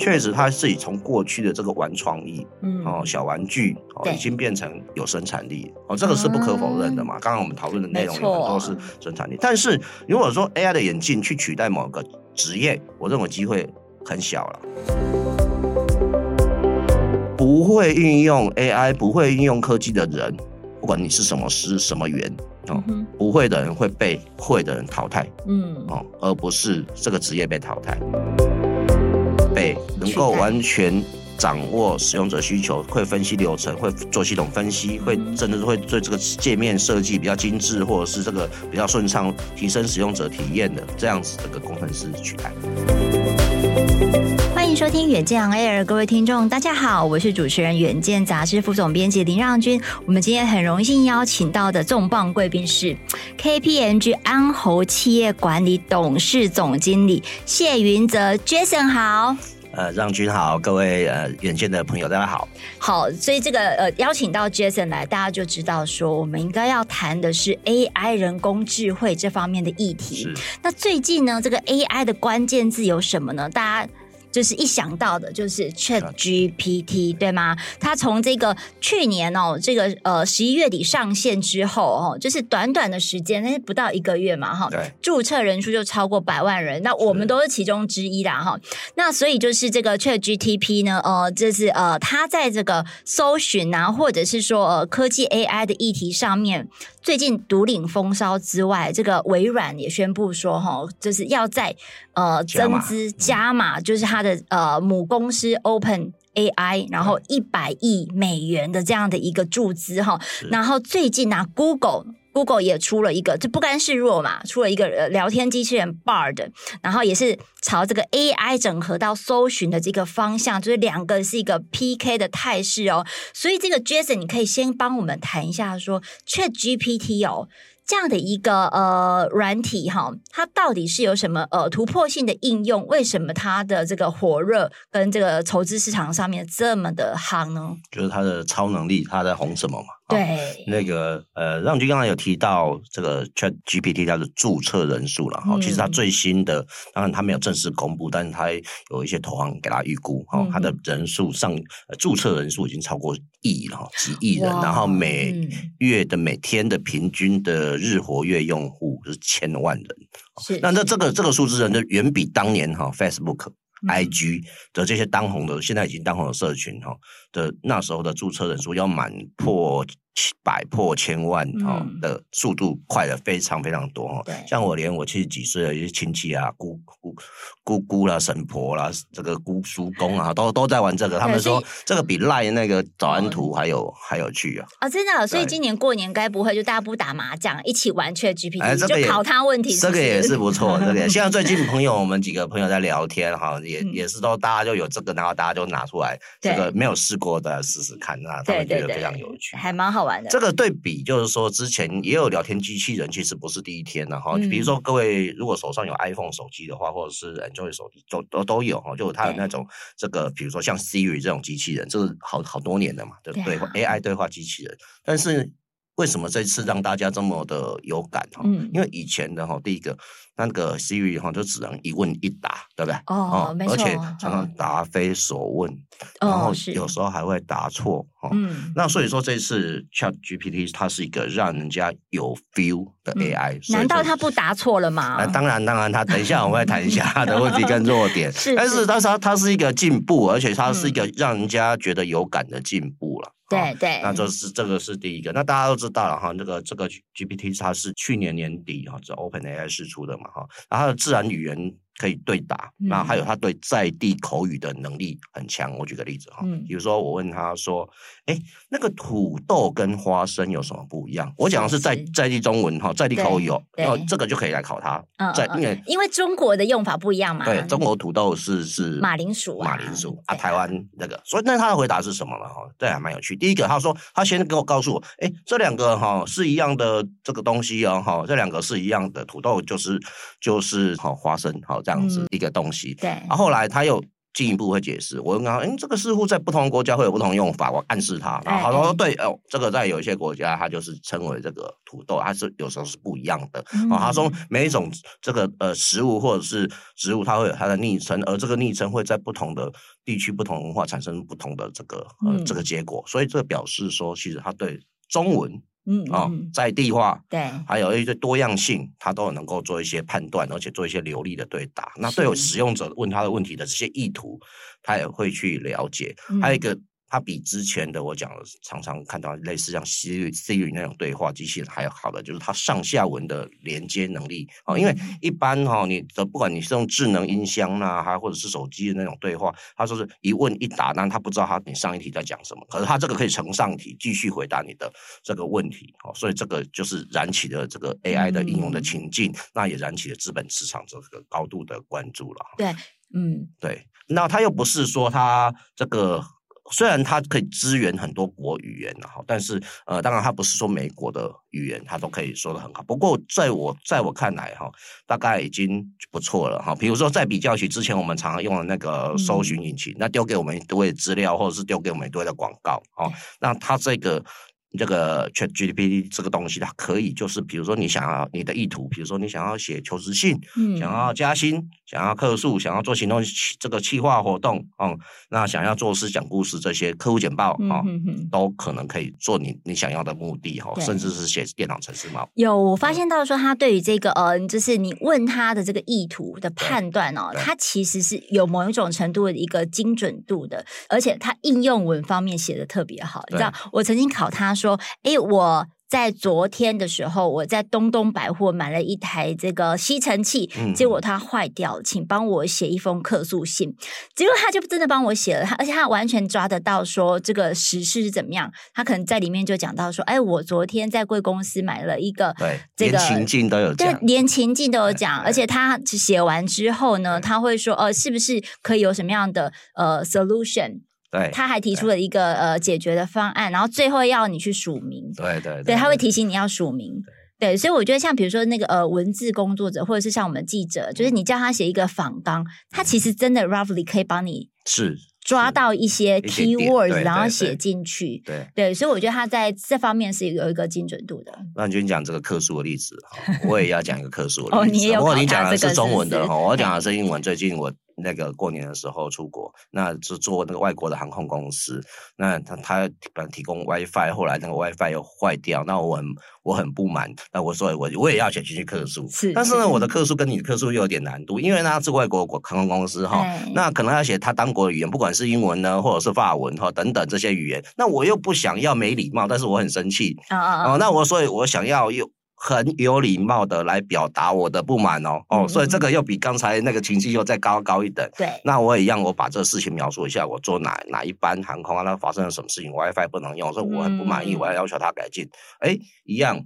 確實，他自己從過去的這個玩創意，嗯、哦，小玩具哦，對已經變成有生產力哦，這個是不可否認的嘛。剛剛、嗯、我們討論的內容很多是生產力，啊、但是如果說 AI 的演進去取代某個職業，我認為機會很小了。嗯、不會運用 AI，不會運用科技的人，不管你是什麼師什麼員、哦嗯、不會的人會被會的人淘汰，嗯哦，而不是這個職業被淘汰。能夠完全掌握使用者需求，會分析流程，會做系統分析，會真的是會做這個界面設計比較精致，或者是這個比較順暢，提升使用者體驗的這樣子這個的個工程師取代。歡迎收聽遠見 Air，各位聽眾，大家好，我是主持人遠見雜志副總編輯林讓均。我們今天很榮幸邀請到的重磅貴賓是 KPMG 安侯企業管理董事總經理謝昀澤 Jason，好。呃，讓君好，各位呃遠見的朋友，大家好，好，所以這個呃邀請到 Jason 來，大家就知道說我們應該要談的是 AI 人工智慧這方面的議題。是那最近呢，這個 AI 的關鍵字有什麼呢？大家。就是一想到的，就是 ChatGPT 的對嗎？它從這個去年哦，這個呃十一月底上線之後哦，就是短短的時間，那是不到一個月嘛，哈、哦，對註冊人數就超過百萬人。那我們都是其中之一啦，哈的、哦。那所以就是這個 ChatGPT 呢，呃，就是呃，它在這個搜尋啊，或者是說呃科技 AI 的議題上面，最近獨領風騷之外，這個微軟也宣布說，哈、哦，就是要在呃碼增資加碼，就是它。它的呃母公司 OpenAI，然後一百億美元的這樣的一個注資哈，嗯、然後最近呢、啊、Google Google 也出了一個就不甘示弱嘛，出了一個聊天機器人 Bard，然後也是朝這個 AI 整合到搜尋的這個方向，所、就、以、是、兩個是一個 PK 的態勢哦。所以這個 Jason，你可以先幫我們談一下說 Chat GPT 哦。這樣的一個呃軟體哈，它到底是有什麼呃突破性的應用？為什麼它的這個火熱跟這個投資市場上面這麼的夯呢？就是它的超能力，它在紅什麼嘛？對，那個呃，讓均剛才有提到這個 Chat GPT 它的註冊人數了哈，嗯、其實它最新的，當然它沒有正式公布，但是它有一些投行給它預估哈、哦，它的人數上、呃、註冊人數已經超過億了哈，幾億人，哇然後每月的、嗯、每天的平均的日活躍用戶是千萬人，那是那這個這個數字人就遠比當年哈、哦、Facebook。嗯、IG 的這些當紅的，現在已經當紅的社群哈、哦、的那時候的註冊人數要滿破。百破千萬哦的速度快得非常非常多哈，像我連我七十幾歲的一些親戚啊姑姑、姑姑啦嬸婆啦這個姑叔公啊都都在玩這個，他們說這個比賴那個早安圖還有還有趣啊啊真的，所以今年過年該不會就大家不打麻將一起玩這個 GPT 就考他問題，這個也是不錯。這個現在最近朋友我們幾個朋友在聊天哈，也也是都大家就有這個，然後大家就拿出來這個沒有試過的試試看，那他們覺得非常有趣，還蠻好。這個對比就是說，之前也有聊天機器人，其實不是第一天的、啊、哈。嗯、比如說，各位如果手上有 iPhone 手機的話，或者是 Android 手機，都都都有哈，就它有那種這個，對比如說像 Siri 這種機器人，這是好好多年的嘛，不對，對、啊、AI 對話機器人。但是為什麼這次讓大家這麼的有感哈？嗯、因為以前的哈，第一個。那個 Siri 哈就只能一問一答，對不對？哦，沒錯。而且常常答非所問，然後有時候還會答錯。哦。那所以說這次 ChatGPT 它是一個讓人家有 feel 的 AI。難道它不答錯了嗎？那當然，當然，它等一下我們會談一下它的問題跟弱點。是，但是它它它是一個進步，而且它是一個讓人家覺得有感的進步了。對對，那這是這個是第一個。那大家都知道了哈，這個這個 GPT 它是去年年底哈，這 OpenAI 釋出的嘛。哈，然後他的自然語言，可以對打，然後還有他對在地口語的能力很強。我舉個例子哈，比如說我問他說：“哎，那個土豆跟花生有什麼不一樣？”我講的是在在地中文哈，在地口語，然後這個就可以來考他，在因為因為中國的用法不一樣嘛。對，中國土豆是是馬鈴薯，馬鈴薯啊，台灣那個，所以那他的回答是什麼呢？對，這還蠻有趣。第一個他說，他先給我告訴我：“哎，這兩個哈是一樣的這個東西哦。哈，這兩個是一樣的，土豆就是就是好花生好。”這樣子一個東西，嗯、對。然後後來他又進一步會解釋，我跟他說，哎、欸，這個似乎在不同國家會有不同用法，我暗示他。然後他說，對，哎、哦，這個在有些國家，它就是稱為這個土豆，它是有時候是不一樣的。然、嗯哦、他說，每一種這個呃食物或者是植物，它會有它的昵稱，而這個昵稱會在不同的地區、不同文化產生不同的這個、嗯、呃這個結果。所以這表示說，其實他對中文。嗯嗯啊，哦、嗯在地化，對，還有一些多樣性，他都有能夠做一些判斷，而且做一些流利的對答。是那對有使用者問他的問題的這些意圖，他也會去了解。嗯、還有一個。它比之前的我講的常常看到類似像 Siri Siri 那種對話機器人還要好的，就是它上下文的連接能力啊。因為一般哈，你的不管你是用智能音箱吶，還或者是手機的那種對話，他說是一問一答，但他不知道他你上一題在講什麼。可是他這個可以承上題繼續回答你的這個問題哦，所以這個就是燃起了這個 AI 的應用的情境，那也燃起了資本市場這個高度的關注了。對，嗯，對，那他又不是說他這個。雖然它可以支援很多國語言，哈，但是呃，當然它不是說美國的語言它都可以說得很好。不過在我在我看來，哈，大概已經不錯了，哈。比如說，在比較起之前我們常用的那個搜尋引擎，嗯、那丟給我們一堆資料，或者是丟給我們一堆的廣告，哦，那它這個。這個 ChatGPT 這個東西、啊，它可以就是，比如說你想要你的意圖，比如說你想要寫求職信，嗯，想要加薪，想要客訴，想要做行動這個企劃活動，嗯，那想要做事講故事這些客戶簡報啊，哦嗯、哼哼都可能可以做你你想要的目的哈，哦、對甚至是寫電腦程式嘛。有發現到說，他對於這個，嗯，嗯，就是你問他的這個意圖的判斷對哦，對他其實是有某一種程度的一個精準度的，而且他應用文方面寫得特別好，對你知道，我曾經考他，說誒，我在昨天的時候，我在東東百貨買了一台這個吸塵器，嗯、結果它壞掉了，請幫我寫一封客訴信。結果他就真的幫我寫了，他而且他完全抓得到說這個時事是怎麼樣。他可能在裡面就講到說，哎，我昨天在貴公司買了一個，這個情境都有，就連情境都有講。有講，而且他寫完之後呢，他會說，呃，是不是可以有什麼樣的呃 solution？對，對他還提出了一個呃解決的方案，對然後最後要你去署名。對對對，他會提醒你要署名。對，所以我覺得像比如說那個呃文字工作者，或者是像我們記者，就是你叫他寫一個訪綱，他其實真的 roughly 可以幫你是抓到一些 key words，然後寫進去。對對,對，所以我覺得他在這方面是有一個精準度的。那你就講這個克數的例子我也要講一個克數。的例子。 哦、你也有講你講的是中文的是我講的是英文。最近我。那個過年的時候出國，那是做那個外國的航空公司，那他他提提供 WiFi，後來那個 WiFi 又壞掉，那我很我很不滿，那我說我我也要寫進去客訴，是但是呢，是我的客訴跟你的客訴又有點難度，因為呢是外國國航空公司哈是、哦，那可能要寫他當國語言，不管是英文呢，或者是法文哈、哦、等等這些語言，那我又不想要沒禮貌，但是我很生氣啊啊，哦，哦，那我所以我想要又。很有禮貌的來表達我的不滿哦哦，嗯嗯、所以這個又比剛才那個情緒又再高高一等。對，那我也讓我把這個事情描述一下我做，我坐哪哪一班航空啊？那發生了什麼事情？WiFi 不能用，所以我很不滿意，我要要求他改進。哎、嗯嗯欸，一樣，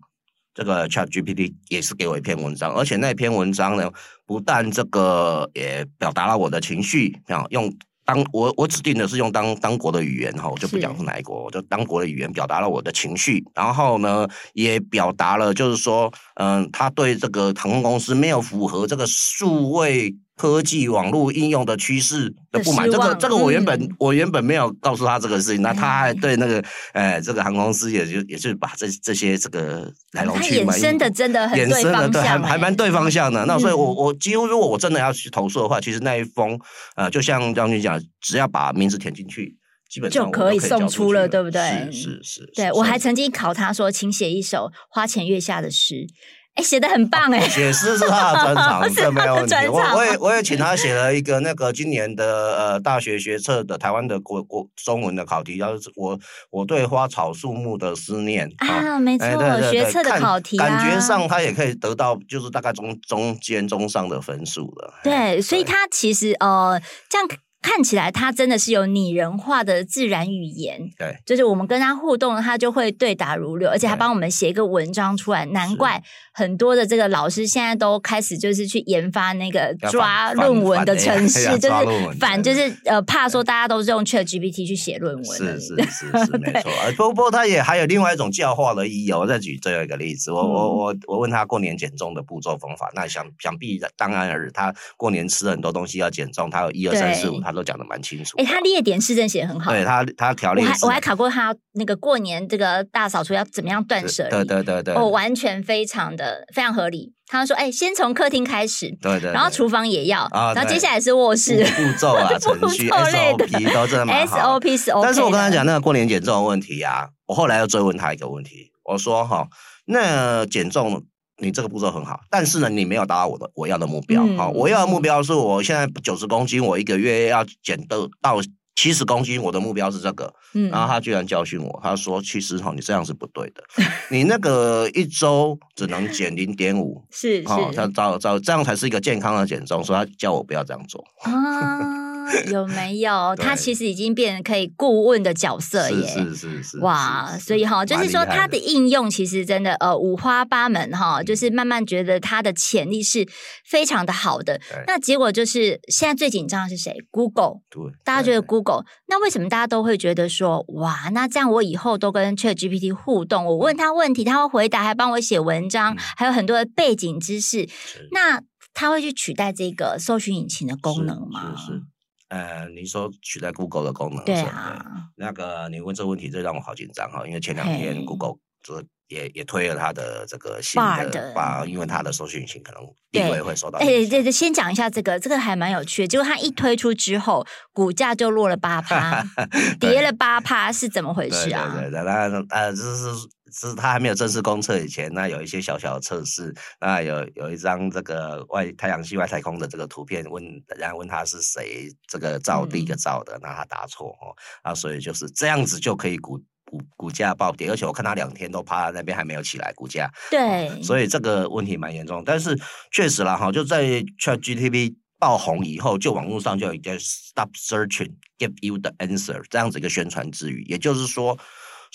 這個 ChatGPT 也是給我一篇文章，而且那篇文章呢，不但這個也表達了我的情緒啊，用。當我我指定的是用當當國的語言哈，我就不講是哪一國，我是就當國的語言表達了我的情緒，然後呢，也表達了就是說，嗯，他對這個航空公司沒有符合這個數位。科技網絡應用的趨勢的不滿，這個這個我原本、嗯、我原本沒有告訴他這個事情，嗯、那他還對那個哎、欸、這個航空公司也就也是把這這些這個來龍去脈延的真的很對伸的對、嗯、還蠻對方向的。嗯、那所以我我幾乎，如果我真的要去投訴的話，其實那一封呃就像讓均講，只要把名字填進去，基本上就可以出送出了，對不對？是是是，是是對是我還曾經考他說，請寫一首花前月下的詩。哎，寫的、欸、很棒哎、欸！寫詩、啊、是他的專長，這 沒有問題。 我我也我也請他寫了一個那個今年的呃大學學測的台灣的國國中文的考題，要是我我對花草樹木的思念”。啊，沒錯，學測的考題、啊，感覺上他也可以得到就是大概中中間中上的分數了。對，對所以他其實呃這樣。看起來他真的是有擬人化的自然語言，對，就是我們跟他互動，他就會對答如流，而且還幫我們寫一個文章出來。對難怪很多的這個老師現在都開始就是去研發那個抓論文的程式，反反反哎、就是反就是、哎、呃怕說大家都是用 ChatGPT 去寫論文，是是是是，是 對沒錯。啊、不過不他也還有另外一種教化的意義。我再舉最後一個例子，嗯、我我我我問他過年減重的步驟方法，那想想必然當然而他過年吃了很多東西要減重，他有一二三四五他。都講得蠻清楚的、欸，哎，他列點式真的寫得很好。對他，他條例我還我還考過他那個過年這個大掃除要怎麼樣斷舍。對對對對，我、哦、完全非常的非常合理。他說，哎、欸，先從客廳開始，對對，對對然後廚房也要，哦、然後接下來是臥室、哦步,驟啊、 步驟啊，程序 SOP 都真的蠻好 SOP O。 S 是 okay、但是我跟他講那個過年減重的問題啊，我後來又追問他一個問題，我說哈、哦，那減重。你這個步驟很好，但是呢，你沒有達到我的我要的目標。好、嗯哦，我要的目標是我現在九十公斤，我一個月要減到到七十公斤，我的目標是這個。嗯，然後他居然教訓我，他說：“其實哈、哦，你這樣是不對的， 你那個一周只能減零點五，是是，哦、他找找這樣才是一個健康的減重。”所以他叫我不要這樣做。啊 有沒有？他其實已經變成可以顧問的角色耶，是是是，哇！所以哈，就是說它的應用其實真的呃五花八門哈，就是慢慢覺得它的潛力是非常的好的。那結果就是現在最緊張的是誰？Google，對，大家覺得 Google？那為什麼大家都會覺得說哇？那這樣我以後都跟 ChatGPT 互動，我問他問題，他會回答，還幫我寫文章，還有很多的背景知識。那他會去取代這個搜尋引擎的功能嗎？呃、嗯，你說取代 Google 的功能？對啊，那個你問這個問題，這讓我好緊張哈，因為前兩天 Google 就也 hey, 也推了他的這個新的 Bard，的因為它的搜尋引擎可能地位會受到。哎、欸，對對，先講一下這個，這個還蠻有趣的，結果它一推出之後，嗯、股價就落了八趴， 對跌了八趴是怎麼回事啊？對對對，那呃，這是。是他還沒有正式公測以前，那有一些小小的測試，那有有一張這個外太陽系外太空的這個圖片問，問然後問他是誰這個照第一個照的，嗯、那他答錯哦，啊，所以就是這樣子就可以股股股價暴跌，而且我看他兩天都趴在那邊還沒有起來股價，股價對、嗯，所以這個問題蠻嚴重，但是確實啦哈，就在 ChatGPT 爆紅以後，就網絡上就有一個 Stop Searching Give You the Answer 這樣子一個宣傳之語，也就是說。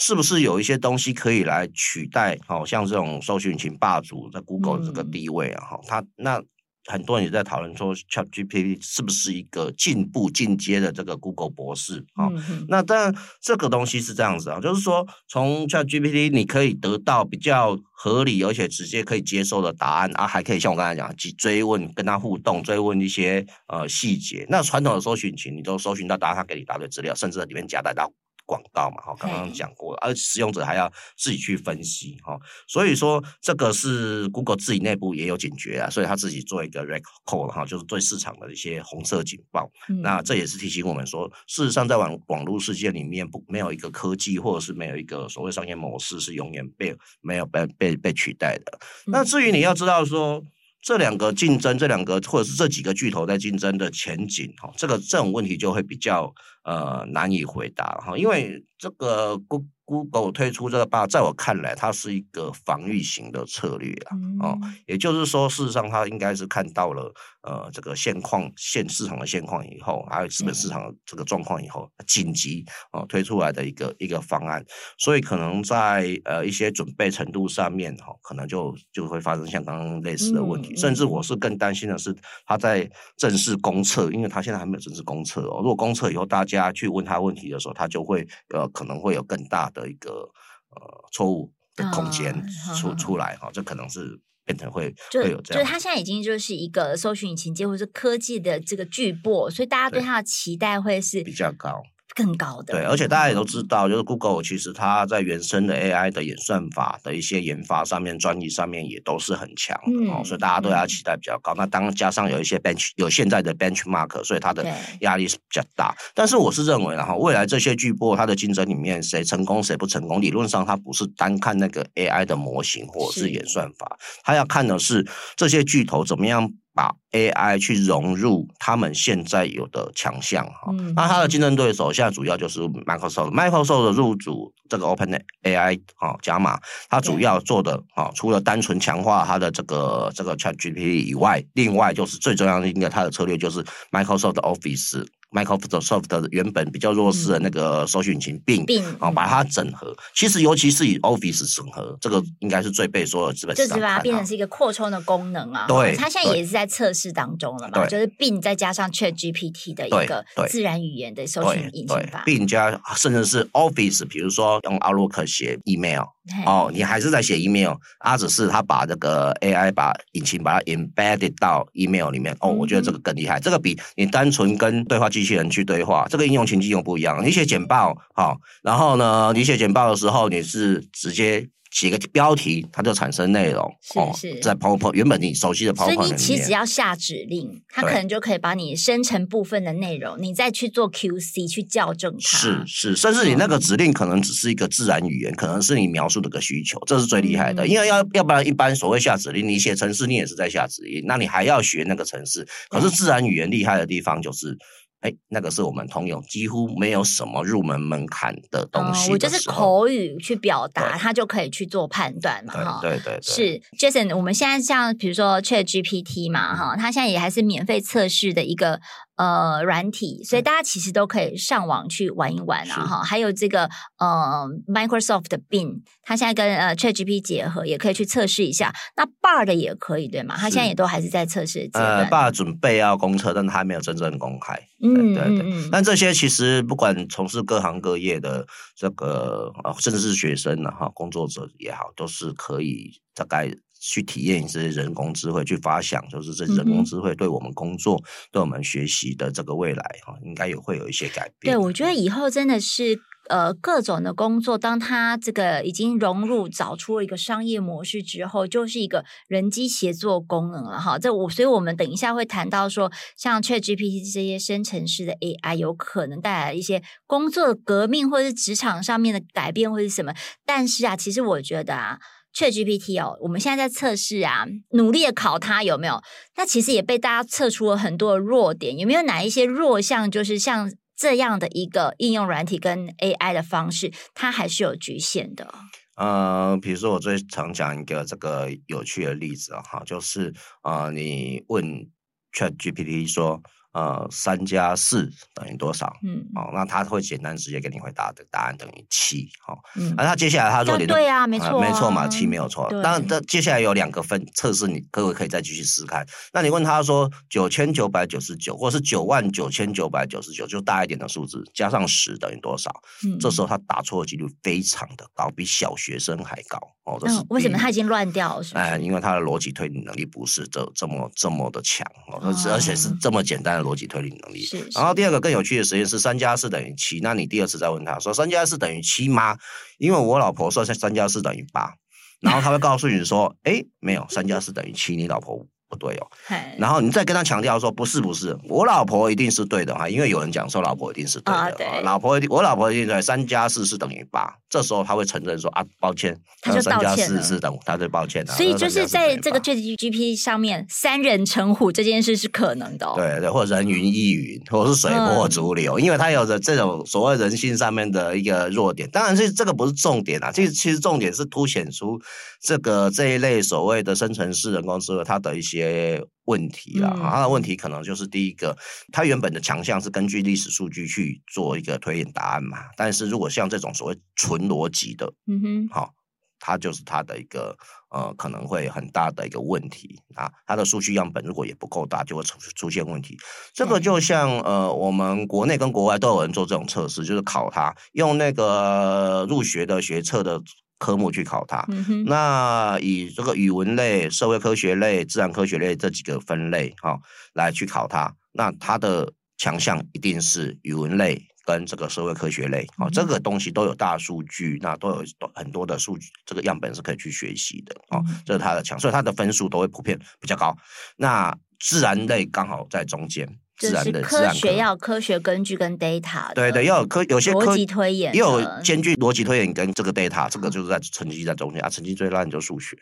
是不是有一些東西可以來取代，好、哦、像這種搜尋引擎霸主在 Google 這個地位啊？哈、嗯，它、哦、那很多人也在討論說，Chat GPT 是不是一個進步進階的這個 Google 博士啊？哦嗯、哼那當然，這個東西是這樣子啊，就是說從 Chat GPT 你可以得到比較合理而且直接可以接受的答案啊，還可以像我剛才講，去追問跟他互動，追問一些呃細節。那傳統的搜尋引擎，你都搜尋到答案，他給你一大堆資料，甚至在裡面夾帶到。廣告嘛，哈，剛剛講過而 Hey.、啊、使用者還要自己去分析，哈、哦，所以說這個是 Google 自己內部也有警覺啊，所以他自己做一個 record 哈、哦，就是對市場的一些紅色警報。嗯、那這也是提醒我們說，事實上在網網絡世界裡面不沒有一個科技，或者是沒有一個所謂商業模式是永遠被沒有被被被取代的。嗯、那至於你要知道說，這兩個競爭，這兩個或者是這幾個巨頭在競爭的前景，哈、哦，這個這種問題就會比較。呃，難以回答哈，因為這個 Google 推出這個 Bard 在我看來，它是一個防禦型的策略啊，哦、嗯，也就是說，事實上，它應該是看到了呃這個現況、現市場的現況以後，還有資本市場的這個狀況以後，緊、嗯、急哦推出來的一個一個方案，所以可能在呃一些準備程度上面哈、哦，可能就就會發生像剛剛類似的問題，嗯嗯甚至我是更擔心的是，它在正式公測，因為它現在還沒有正式公測哦，如果公測以後大家。家去問他問題的時候，他就會呃，可能會有更大的一個呃錯誤的空間出、嗯嗯、出來哈，這、哦、可能是變成會就會有這樣。就是他現在已經就是一個搜尋引擎或者是科技的這個巨擘，所以大家對他的期待會是比較高。更高的對，嗯、而且大家也都知道，就是 Google 其實它在原生的 AI 的演算法的一些研發上面，專利上面也都是很強的哦，嗯、所以大家都要期待比較高。嗯、那當然加上有一些 bench、嗯、有現在的 benchmark，所以它的壓力是比較大。對但是我是認為啊，未來這些巨波它的競爭裡面，誰成功誰不成功，理論上它不是單看那個 AI 的模型或者是演算法，是它要看的是這些巨頭怎麼樣。把 AI 去融入他們現在有的強項哈，嗯、那他的競爭對手現在主要就是 Microsoft。Microsoft 的入主這個 OpenAI 啊，哦，加碼，他主要做的啊，嗯哦，除了單純強化它的這個這個 ChatGPT 以外，另外就是最重要的一個它的策略就是 Microsoft Office。Microsoft 的原本比較弱勢的那個搜尋引擎，嗯、Bing 啊、哦嗯、把它整合，其實尤其是以 Office 整合，這個應該是最被說資本市場看好，就是把它變成是一個擴充的功能啊。對，它現在也是在測試當中了嘛，對就是 Bing 再加上 ChatGPT 的一個自然語言的搜尋引擎 Bing 加甚至是 Office，比如說用 Outlook 寫 Email 對哦，你還是在寫 Email，阿、啊、只是他把這個 AI 把引擎把它 embedded 到 Email 裡面哦，我覺得這個更厲害，嗯、這個比你單純跟對話機機器人去對話，這個應用情境又不一樣。你寫簡報，好、哦，然後呢，你寫簡報的時候，你是直接寫個標題，它就產生內容。是是、哦，在泡泡原本你熟悉的泡泡裡面，所以你其實只要下指令，它可能就可以把你生成部分的內容，對你再去做 QC 去校正它。是是，甚至你那個指令可能只是一個自然語言，可能是你描述的個需求，這是最厲害的，嗯嗯，因為要要不然一般所謂下指令，你寫程式你也是在下指令，那你還要學那個程式。可是自然語言厲害的地方就是。嗯嗯哎，那個是我們通用，幾乎沒有什麼入門門檻的東西的、嗯。我就是口語去表達，對他就可以去做判斷。對對對，是 Jason。我們現在像比如說 ChatGPT 嘛，哈，它現在也還是免費測試的一個。呃，軟體，所以大家其實都可以上網去玩一玩啊，哈是，還有這個呃，Microsoft 的 Bing，它現在跟呃 ChatGPT 結合，也可以去測試一下。那 Bard 也可以對嗎？它現在也都還是在測試。呃，Bard 準備要公測，但它還沒有真正公開。嗯對對，對嗯嗯，但這些其實不管從事各行各業的這個啊，甚至是學生啊，哈，工作者也好，都是可以大概。去體驗這些人工智慧，去發想，就是這些人工智慧對我們工作、嗯、哼對我們學習的這個未來，哈，應該也會有一些改變。對，我覺得以後真的是，呃，各種的工作，當它這個已經融入、找出了一個商業模式之後，就是一個人機協作功能了、啊，哈。這我，所以我們等一下會談到說，像 ChatGPT 這些生成式的 AI 有可能帶來一些工作的革命，或者是職場上面的改變，或是什麼。但是啊，其實我覺得啊。ChatGPT 哦，我們現在在測試啊，努力的考它有沒有？那其實也被大家測出了很多的弱點，有沒有哪一些弱項？就是像這樣的一個應用軟體跟 AI 的方式，它還是有局限的。呃，比如說我最常講一個這個有趣的例子哈，就是啊、呃，你問 ChatGPT 說。呃，三加四等於多少？嗯，哦，那他會簡單直接給你回答的答案等於七。哦。好，嗯。那、啊、他接下來他弱點。對呀、啊，沒錯、啊啊，沒錯嘛，嗯、七沒有錯。那這接下來有兩個分測試，你各位可以再繼續試看。那你問他說九千九百九十九，999, 或者是九萬九千九百九十九，就大一點的數字加上十等於多少？嗯，這時候他答錯的幾率非常的高，比小學生還高哦、嗯。為什麼他已經亂掉了是是？哎，因為他的邏輯推理能力不是這這麼這麼的強哦，哦，而且是這麼簡單。邏輯推理能力。然後第二個更有趣的實驗是三加四等於七。那你第二次再問他說三加四等於七嗎？因為我老婆說三加四等於八，然後他會告訴你說，哎， 沒有，三加四等於七，你老婆誤。不對哦，嘿然後你再跟他強調說不是不是，我老婆一定是對的哈，因為有人講說老婆一定是對的，啊、對老婆一定我老婆現在三加四是等於八，這時候他會承認說啊，抱歉，他就三加四是等，他就抱歉了。所以就是在這個,個 ChatGPT 上面，三人成虎這件事是可能的、哦，對對，或者人云亦云，或者是隨波逐流，嗯、因為他有着這種所謂人性上面的一個弱點。當然，這這個不是重點啊，這其,其實重點是凸顯出這個這一類所謂的生成式人工智能它的一些。些問題了，它的問題可能就是第一個，它原本的強項是根據歷史數據去做一個推演答案嘛，但是如果像這種所謂純邏輯的，嗯哼，好，它就是它的一個呃，可能會很大的一個問題啊，它的數據樣本如果也不夠大，就會出出現問題。這個就像呃，我們國內跟國外都有人做這種測試，就是考它用那個入學的學測的科目去考它，嗯、哼那以這個語文類、社會科學類、自然科學類這幾個分類哈、哦，來去考它，那它的強項一定是語文類跟這個社會科學類，哦，嗯、哼這個東西都有大數據，那都有很多的數據，這個樣本是可以去學習的，哦，嗯、哼這是它的強，所以它的分數都會普遍比較高。那自然類剛好在中間，就是科學要有科學根據跟 data。對對，要有，有科有些科邏輯推演，也有兼具邏輯推演跟這個 data，這個就是在成績在中間，嗯、啊，成績最爛就數學。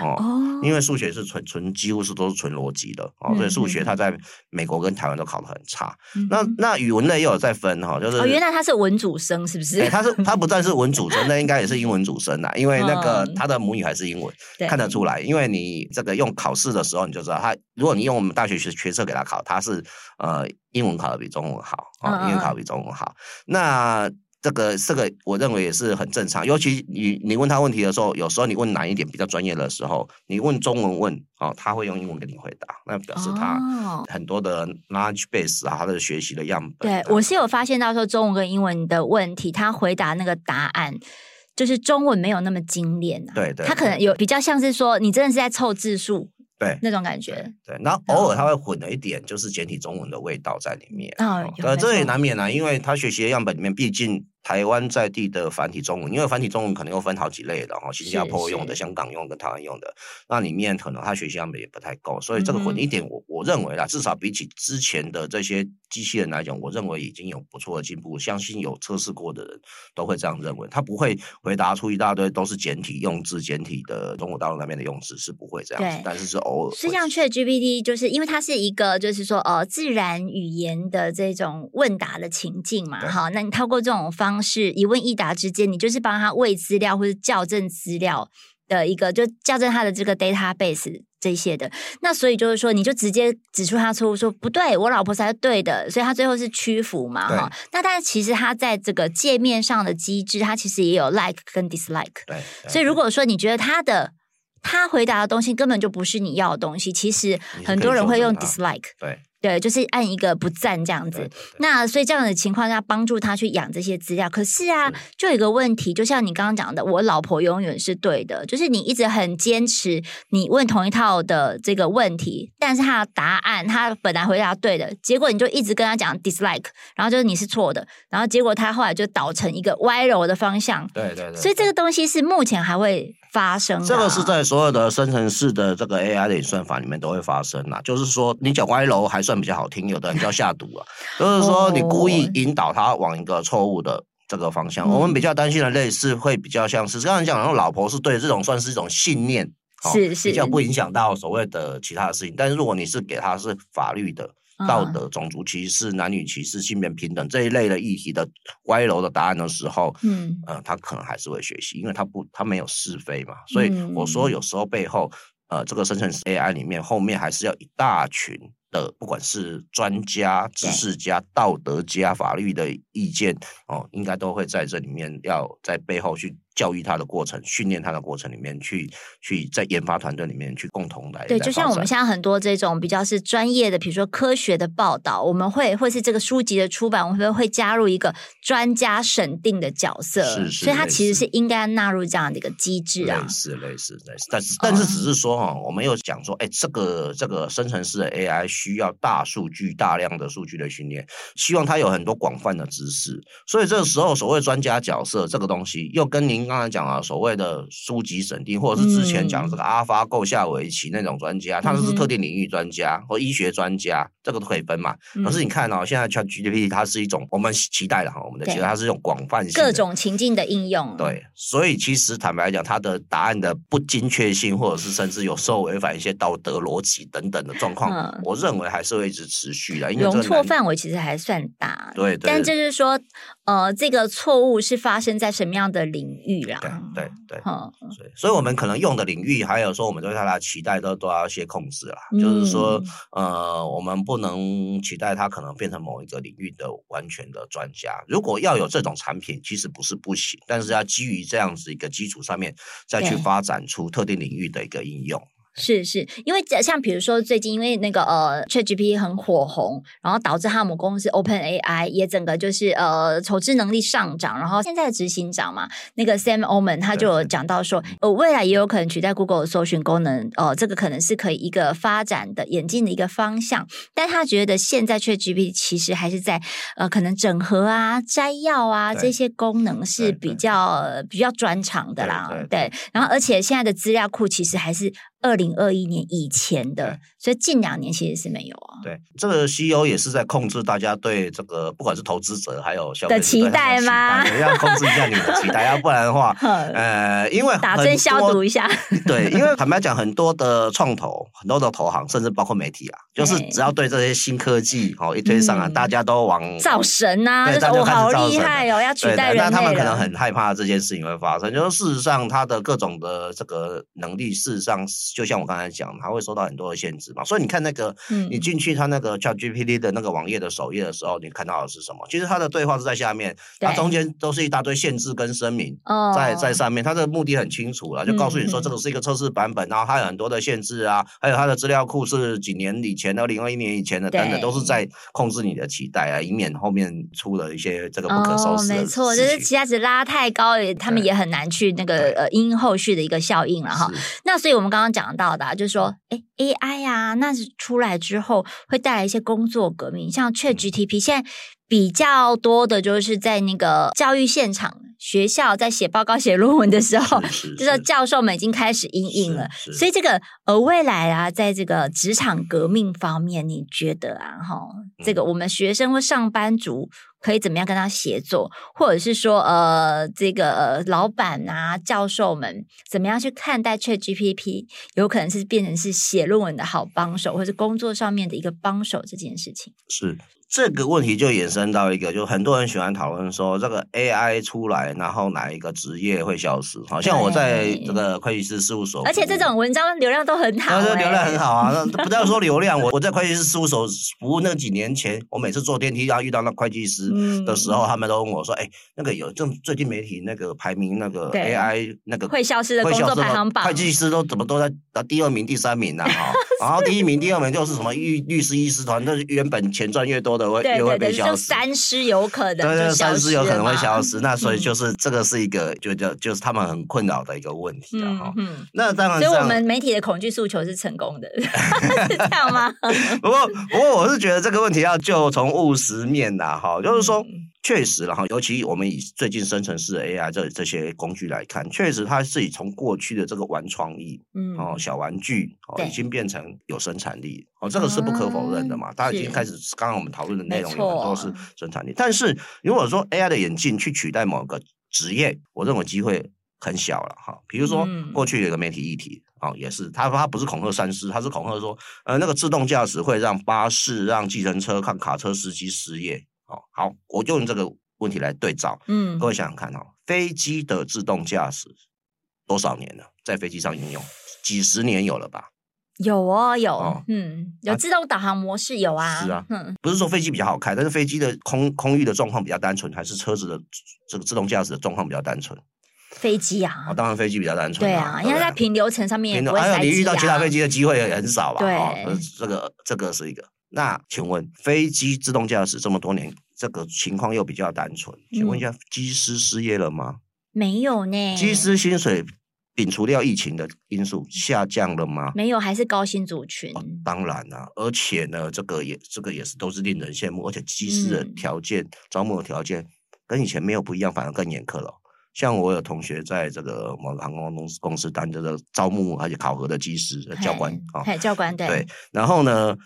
哦，哦，因為數學是純純，純幾乎是都是純邏輯的哦，所以數學他在美國跟台灣都考得很差。嗯、哼那那語文呢也有在分哈、哦，就是、哦、原來他是文組生是不是？欸、他是他不但是文組生， 那應該也是英文組生啦，因為那個他的母語還是英文，嗯、看得出來。對因為你這個用考試的時候你就知道他，他如果你用我們大學學學測給他考，他是呃英文考得比中文好啊，哦、嗯嗯英文考得比中文好。那。這個這個，這個、我認為也是很正常。尤其你你問他問題的時候，有時候你問難一點、比較專業的時候，你問中文問哦，他會用英文給你回答，那表示他很多的 language base 啊，他的學習的樣本、啊。對我是有發現到說中文跟英文的問題，他回答那個答案就是中文沒有那麼精煉、啊，對對，他可能有比較像是說你真的是在湊字數，對那種感覺對對。對，然後偶爾他會混了一點，就是簡體中文的味道在裡面啊，這也難免啊，因為他學習的樣本裡面畢竟。台灣在地的繁體中文，因為繁體中文可能又分好幾類的，的後新加坡用的、是是香港用的、台灣用的，那裡面可能他學習上面也不太夠，所以這個混一點我，我我認為啦，至少比起之前的這些機器人來講，我認為已經有不錯的進步。相信有測試過的人都會這樣認為，他不會回答出一大堆都是簡體用字，簡體的中國大陸那邊的用字是不會這樣子，對 但是是偶爾。實際上，ChatGPT 就是因為它是一個就是說呃自然語言的這種問答的情境嘛，對 好，那你透過這種方。是一問一答之間，你就是幫他餵資料或者校正資料的一個，就校正他的這個 database 這些的。那所以就是說，你就直接指出他錯誤，說不對，我老婆才是對的，所以他最後是屈服嘛。哈對，那但是其實他在這個界面上的機制，他其實也有 like 跟 dislike。對。所以如果說你覺得他的，他回答的東西根本就不是你要的東西，其實很多人會用 dislike。對。對，就是按一個不讚這樣子。對對對。那所以這樣的情況下，幫助他去養這些資料。可是啊，是。就有一個問題，就像你剛剛講的，我老婆永遠是對的，就是你一直很堅持，你問同一套的這個問題，但是他的答案，他本來回答對的，結果你就一直跟他講 dislike，然後就是你是錯的，然後結果他後來就導成一個歪樓的方向。對對，對對，所以這個東西是目前還會。發生、啊、這個是在所有的生成式的這個 A I 的算法裡面都會發生啦、啊。就是說你講歪樓還算比較好聽，有的人叫下毒啊，就是說你故意引導他往一個錯誤的這個方向。我們比較擔心的類似會比較像是剛才講，然後老婆是對，這種算是一種信念、哦，是比較不影響到所謂的其他的事情。但是如果你是給他是法律的。道德、種族歧視、男女歧視、性別平等這一類的議題的歪樓的答案的時候，嗯、呃，他可能還是會學習，因為他不，他沒有是非嘛。所以我說，有時候背後，呃，這個生成 AI 裡面後面還是要一大群的，不管是專家、知識家、對道德家、法律的意見，哦、呃，應該都會在這裡面要在背後去。教育他的過程、訓練他的過程裡面，去去在研發團隊裡面去共同來。對，就像我們現在很多這種比較是專業的，比如說科學的報道，我們會會是這個書籍的出版，我們會會加入一個專家審定的角色，是是所以他其實是應該納入這樣的一個機制啊。類似類似類似，但是、oh. 但是只是說哈，我們又講說，哎、欸，這個這個生成式的 AI 需要大數據、大量的數據的訓練，希望它有很多廣泛的知識，所以這個時候所謂專家角色這個東西又跟您剛才講啊，所謂的書籍審定，或者是之前講的這個阿爾法狗下圍棋那種專家，嗯、他就是特定領域專家、嗯、或醫學專家，這個都可以分嘛。嗯、可是你看哦，現在 ChatGPT 它是一種我們期待的哈，我們的其實它是一種廣泛性、各種情境的應用。對，所以其實坦白來講，它的答案的不精確性，或者是甚至有時候違反一些道德邏輯等等的狀況，嗯、我認為還是會一直持續的。因為容錯範圍其實還算大，對。對對，但就是說，呃，這個錯誤是發生在什麼樣的領域？對對對，所以，呵所以我們可能用的領域，還有說，我們對它的期待，都都要一些控制啦，嗯、就是說，呃，我們不能期待它可能變成某一個領域的完全的專家。如果要有這種產品，其實不是不行，但是要基於這樣子一個基礎上面，再去發展出特定領域的一個應用。嗯是是，因為像比如說最近，因為那個呃，Chat G P T 很火紅，然後導致哈姆公司 Open A I 也整個就是呃，籌資能力上漲。然後現在的執行長嘛，那個 Sam Altman 他就講到說，對呃，未來也有可能取代 Google 的搜尋功能，呃，這個可能是可以一個發展的、演進的一個方向。但他覺得現在 Chat G P T 其實還是在呃，可能整合啊、摘要啊這些功能是比較、呃、比較專長的啦。對，對，對，然後而且現在的資料庫其實還是。二零二一年以前的，所以近兩年其實是沒有啊。對，這個 CEO 也是在控制大家對這個，不管是投資者還有消費者的期待嗎？要控制一下你的期待，要不然的話，呃，因為打針消毒一下。對，因為坦白講，很多的創投、很多的投行，甚至包括媒體啊，就是只要對這些新科技哦一推上啊，大家都往造神啊，這是。我好厲害哦，要取代。那他們可能很害怕這件事情會發生，就是事實上，他的各種的這個能力，事實上是。就像我剛才講，他會受到很多的限制嘛，所以你看那個，嗯、你進去他那個 ChatGPT 的那個網頁的首頁的時候，你看到的是什麼？其實他的對話是在下面，對它中間都是一大堆限制跟聲明、哦、在在上面。它的目的很清楚了，就告訴你說、嗯、哼這個是一個測試版本，然後還有很多的限制啊，還有它的資料庫是幾年以前，二零二一年以前的，等等，對都是在控制你的期待啊，以免後面出了一些這個不可收拾、哦。沒錯，就是期待值拉太高，他們也很難去那個呃因後續的一個效應了、啊、哈。對那所以我們剛剛講。講到的、啊，就是說，哎，AI 呀、啊，那是出來之後會帶來一些工作革命，像 ChatGPT 現在。比較多的就是在那個教育現場，學校在寫報告、寫論文的時候，是是是就是說，教授們已經開始因應了。是是是，所以，這個而未來啊，在這個職場革命方面，你覺得啊，哈，這個我們學生或上班族可以怎麼樣跟他協作，或者是說，呃，這個、呃、老闆啊、教授們怎麼樣去看待 ChatGPT？有可能是變成是寫論文的好幫手，或者是工作上面的一個幫手，這件事情是。這個問題就衍生到一個，就很多人喜歡討論說，這個 AI 出來，然後哪一個職業會消失？好對像我在這個會計師事務所服務，而且這種文章流量都很好。欸，啊、流量很好啊！ 那不要說流量，我我在會計師事務所服務那幾年前，我每次坐電梯然後遇到那會計師的時候，嗯、他們都問我說：“哎、欸，那個有就最近媒體那個排名那個 AI 對那個會消失的工作排行榜，會計師都怎麼都在啊第二名、第三名呢？啊，然後第一名、 是第二名就是什麼律律師、醫師團，那是原本錢賺越多的。”對對對，就三師有可能，對對，三師有可能會消失。那所以就是、嗯、這個是一個，就就就是他們很困擾的一個問題啊。嗯，嗯那當然，所以我們媒體的恐懼訴求是成功的， 是這樣嗎？ 不過，不過我是覺得這個問題要就從務實面來、啊，哈、嗯，就是說。確實了，然後尤其我們以最近生成式的 AI 這這些工具來看，確實它自己從過去的這個玩創意，嗯，哦小玩具哦，對已經變成有生產力哦，這個是不可否認的嘛。它、嗯、已經開始，是剛剛我們討論的內容有很多是生產力。啊、但是如果說 AI 的演進去取代某個職業，我認為機會很小了哈、哦。比如說過去有個媒體議題啊、嗯哦，也是他說他不是恐嚇三思，他是恐嚇說，呃，那個自動駕駛會讓巴士、讓計程車、讓卡車司機失業。好、哦、好，我就用這個問題來對照。嗯，各位想想看哈、哦，飛機的自動駕駛多少年了？在飛機上應用幾十年有了吧？有哦，有，哦、嗯，嗯有自動導航模式有、啊，有啊。是啊，嗯，不是說飛機比較好開，但是飛機的空空域的狀況比較單純，還是車子的這個自動駕駛的狀況比較單純？飛機啊、哦，當然飛機比較單純，對啊，然因為在平流層上面，哎，你遇到其他飛機的機會也很少吧？對，哦、這個這個是一個。那請問飛機自動駕駛這麼多年，這個情況又比較單純。請問一下，嗯、機師失業了嗎？沒有呢。機師薪水，摒除掉疫情的因素，下降了嗎？沒有，還是高薪族群、哦。當然了、啊，而且呢，這個也這個也是都是令人羨慕，而且機師的條件、嗯、招募的條件跟以前沒有不一樣，反而更嚴苛了、哦。像我有同學在這個某航空公司公司擔任的招募，而且考核的機師教官啊，教官，、哦、教官對，對。然後呢？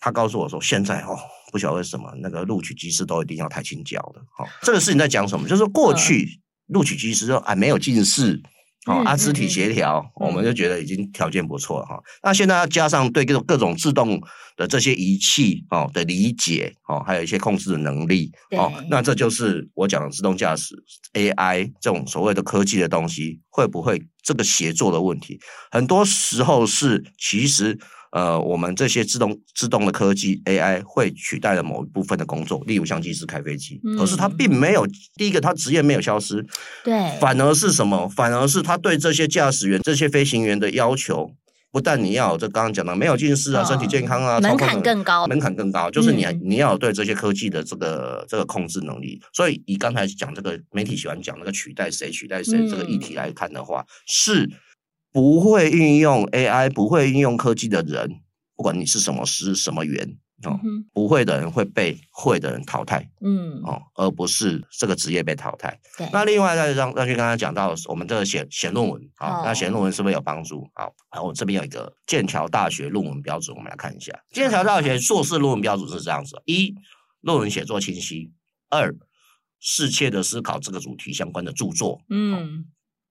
他告訴我說：“現在哦，不曉得為什麼那個錄取機師都一定要台清交的。好、哦，這個事情在講什麼？就是過去錄取機師說，哎，沒有近視，啊、哦嗯嗯、啊，肢體協調，嗯、我們就覺得已經條件不錯了。哈、哦，那現在要加上對各種各種自動的這些儀器哦的理解，哦，還有一些控制的能力，對 哦，那這就是我講的自動駕駛 AI 這種所謂的科技的東西，會不會這個協作的問題？很多時候是其實。”呃，我們這些自動自動的科技 AI 會取代了某一部分的工作，例如像機師開飛機，可是它並沒有、嗯、第一個，它職業沒有消失，對，反而是什麼？反而是他對這些駕駛員、這些飛行員的要求，不但你要這剛剛講的沒有近視啊、身體健康啊，哦、門檻更高，門檻更高，就是你你要對這些科技的這個這個控制能力。嗯、所以以剛才講這個媒體喜歡講那個取代誰取代誰、嗯、這個議題來看的話，是。不會運用 AI、不會運用科技的人，不管你是什麼師、什麼員啊，哦嗯、不會的人會被會的人淘汰。嗯，哦，而不是這個職業被淘汰。對那另外再讓均剛才講到，我們這個寫寫論文啊，哦、好那寫論文是不是有幫助？好，然後我這邊有一個劍橋大學論文標準，我們來看一下。劍橋大學碩士論文標準是這樣子：一、論文寫作清晰；二、適切的思考這個主題相關的著作。嗯、哦。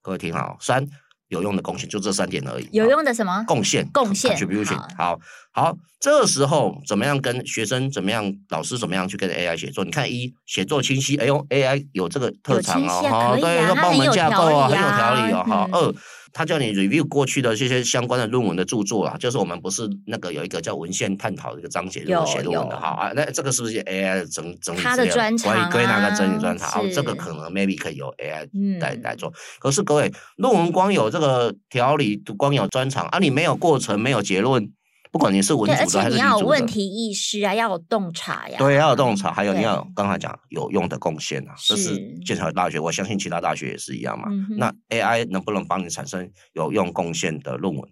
各位聽好。三有用的貢獻，就這三點而已。有用的什麼貢獻？貢獻。好，好，這時候怎麼樣跟學生？怎麼樣老師？怎麼樣去跟 AI 協作？你看，一、寫作清晰，哎呦，AI 有這個特長、啊、哦，好、啊，對，要幫我們架構啊，很有條理哦，嗯、好，二。他叫你 review 過去的這些相關的論文的著作啊，就是我們不是那個有一個叫文獻探討的一個章節，有寫論文的哈啊，那這個是不是 AI 整整理資料？啊？專長歸納跟整理專長，啊哦，這個可能 maybe 可以由 AI 來來做。嗯、可是各位，論文光有這個條理，光有專長啊，你沒有過程，沒有結論。不管你是文組的還是理組的，你要有問題意識啊，要有洞察呀、啊。對，要有洞察，還有你要有剛對才講有用的貢獻啊，是這是劍橋大學。我相信其他大學也是一樣嘛。嗯、哼那 AI 能不能幫你產生有用貢獻的論文？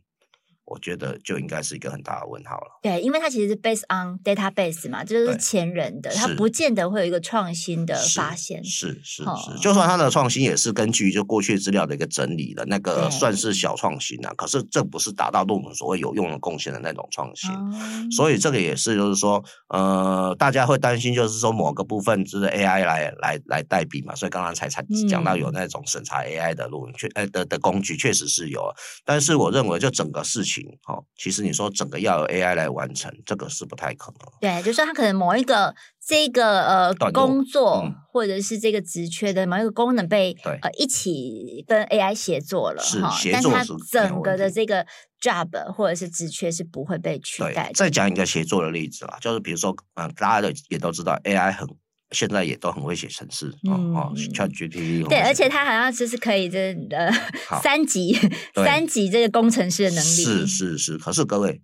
我覺得就應該是一個很大的問號了。對，因為它其實是 based on database 嘛，就是前人的，它不見得會有一個創新的發現。是是是、哦、是，就算它的創新也是根據就過去資料的一個整理的，那個算是小創新啊。對，可是這不是達到對我們所謂有用的貢獻的那種創新。嗯、所以這個也是，就是說，呃，大家會擔心，就是說某個部分就是 AI 來來來代筆嘛。所以剛剛才才講到有那種審查 AI 的路確呃的、的、的工具確實是有，但是我認為就整個事情。好，其實你說整個要有 AI 來完成，這個是不太可能。對，就是它可能某一個這個呃絡工作，嗯、或者是這個職缺的某一個功能被對呃一起跟 AI 協作了，是協作是，但它整個的這個 job 或者是職缺是不會被取代。再講一個協作的例子吧，就是比如說嗯、呃，大家的也都知道 AI 很。現在也都很會寫程式、嗯、哦，像 GPT 對，而且它好像就是可以、就是，這呃，好三級對三級這個工程師的能力是是是。可是各位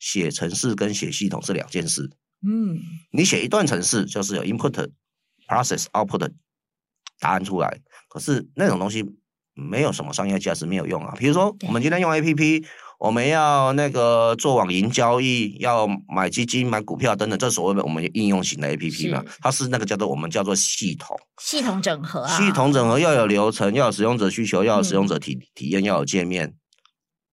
寫程式跟寫系統是兩件事。嗯，你寫一段程式就是有 input、process、output 的答案出來，可是那種東西沒有什麼商業價值，沒有用啊。比如說我們今天用 APP。我們要那個做網銀交易，要買基金、買股票等等，這所謂的我們應用型的 APP 嘛，是它是那個叫做我們叫做系統，系統整合啊，系統整合要有流程，要有使用者需求，要有使用者體、嗯、體驗，要有界面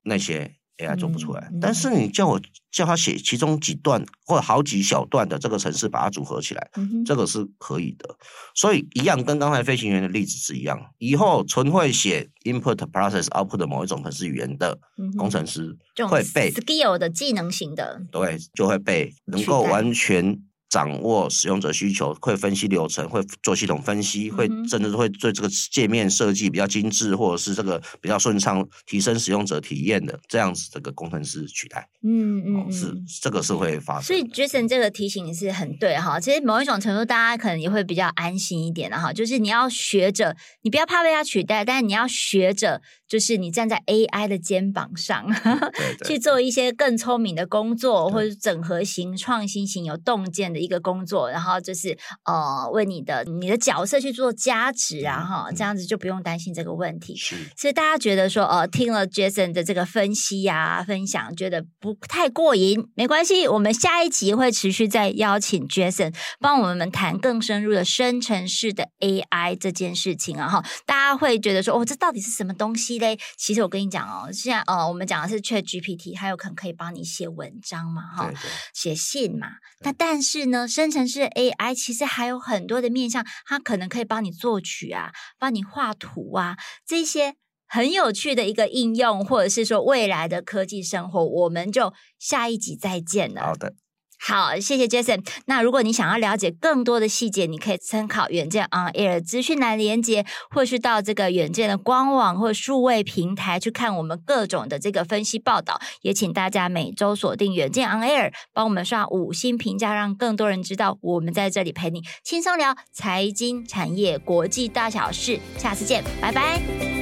那些。AI 做不出來，嗯嗯、但是你叫我叫他寫其中幾段或者好幾小段的這個程式，把它組合起來，嗯、哼這個是可以的。所以一樣跟剛才飛行員的例子是一樣。以後純會寫 input process output 的某一種程式語言的、嗯、哼工程師，就會被 skill 的技能型的，對，就會被能夠完全。掌握使用者需求，會分析流程，會做系統分析，嗯、哼會真的是會對這個界面設計比較精緻，或者是這個比較順暢，提升使用者體驗的這樣子，這個工程師取代。嗯，嗯嗯，哦、是這個是會發生。所以 Jason 這個提醒是很對哈，其實某一種程度大家可能也會比較安心一點的哈，就是你要學着，你不要怕被他取代，但是你要學着，就是你站在 AI 的肩膀上，嗯、對對去做一些更聰明的工作，或者是整合型、創新型、有洞見的。一個工作，然後就是呃，為你的你的角色去做加值啊，然後這樣子就不用擔心這個問題。是所以大家覺得說，呃，聽了 Jason 的這個分析呀，啊、分享，覺得不太過癮，沒關係，我們下一集會持續再邀請 Jason 幫我們談更深入的、深層式的 AI 這件事情啊。哈，大家會覺得說，哦，這到底是什麼東西嘞？其實我跟你講哦，現在哦、呃，我們講的是 ChatGPT，它有可能可以幫你寫文章嘛，哈對，寫信嘛，對那但是呢。那生成式 AI 其實還有很多的面向，它可能可以幫你作曲啊，幫你畫圖啊，這些很有趣的一個應用，或者是說未來的科技生活，我們就下一集再見了。好的。好，謝謝 Jason。那如果你想要了解更多的細節，你可以參考《遠見 On Air》資訊欄連接，或是到這個《遠見》的官網或數位平台去看我們各種的這個分析報道。也請大家每週鎖定《遠見 On Air》，幫我們刷五星評價，讓更多人知道我們在這裡陪你輕鬆聊財經產業國際大小事。下次見，拜拜。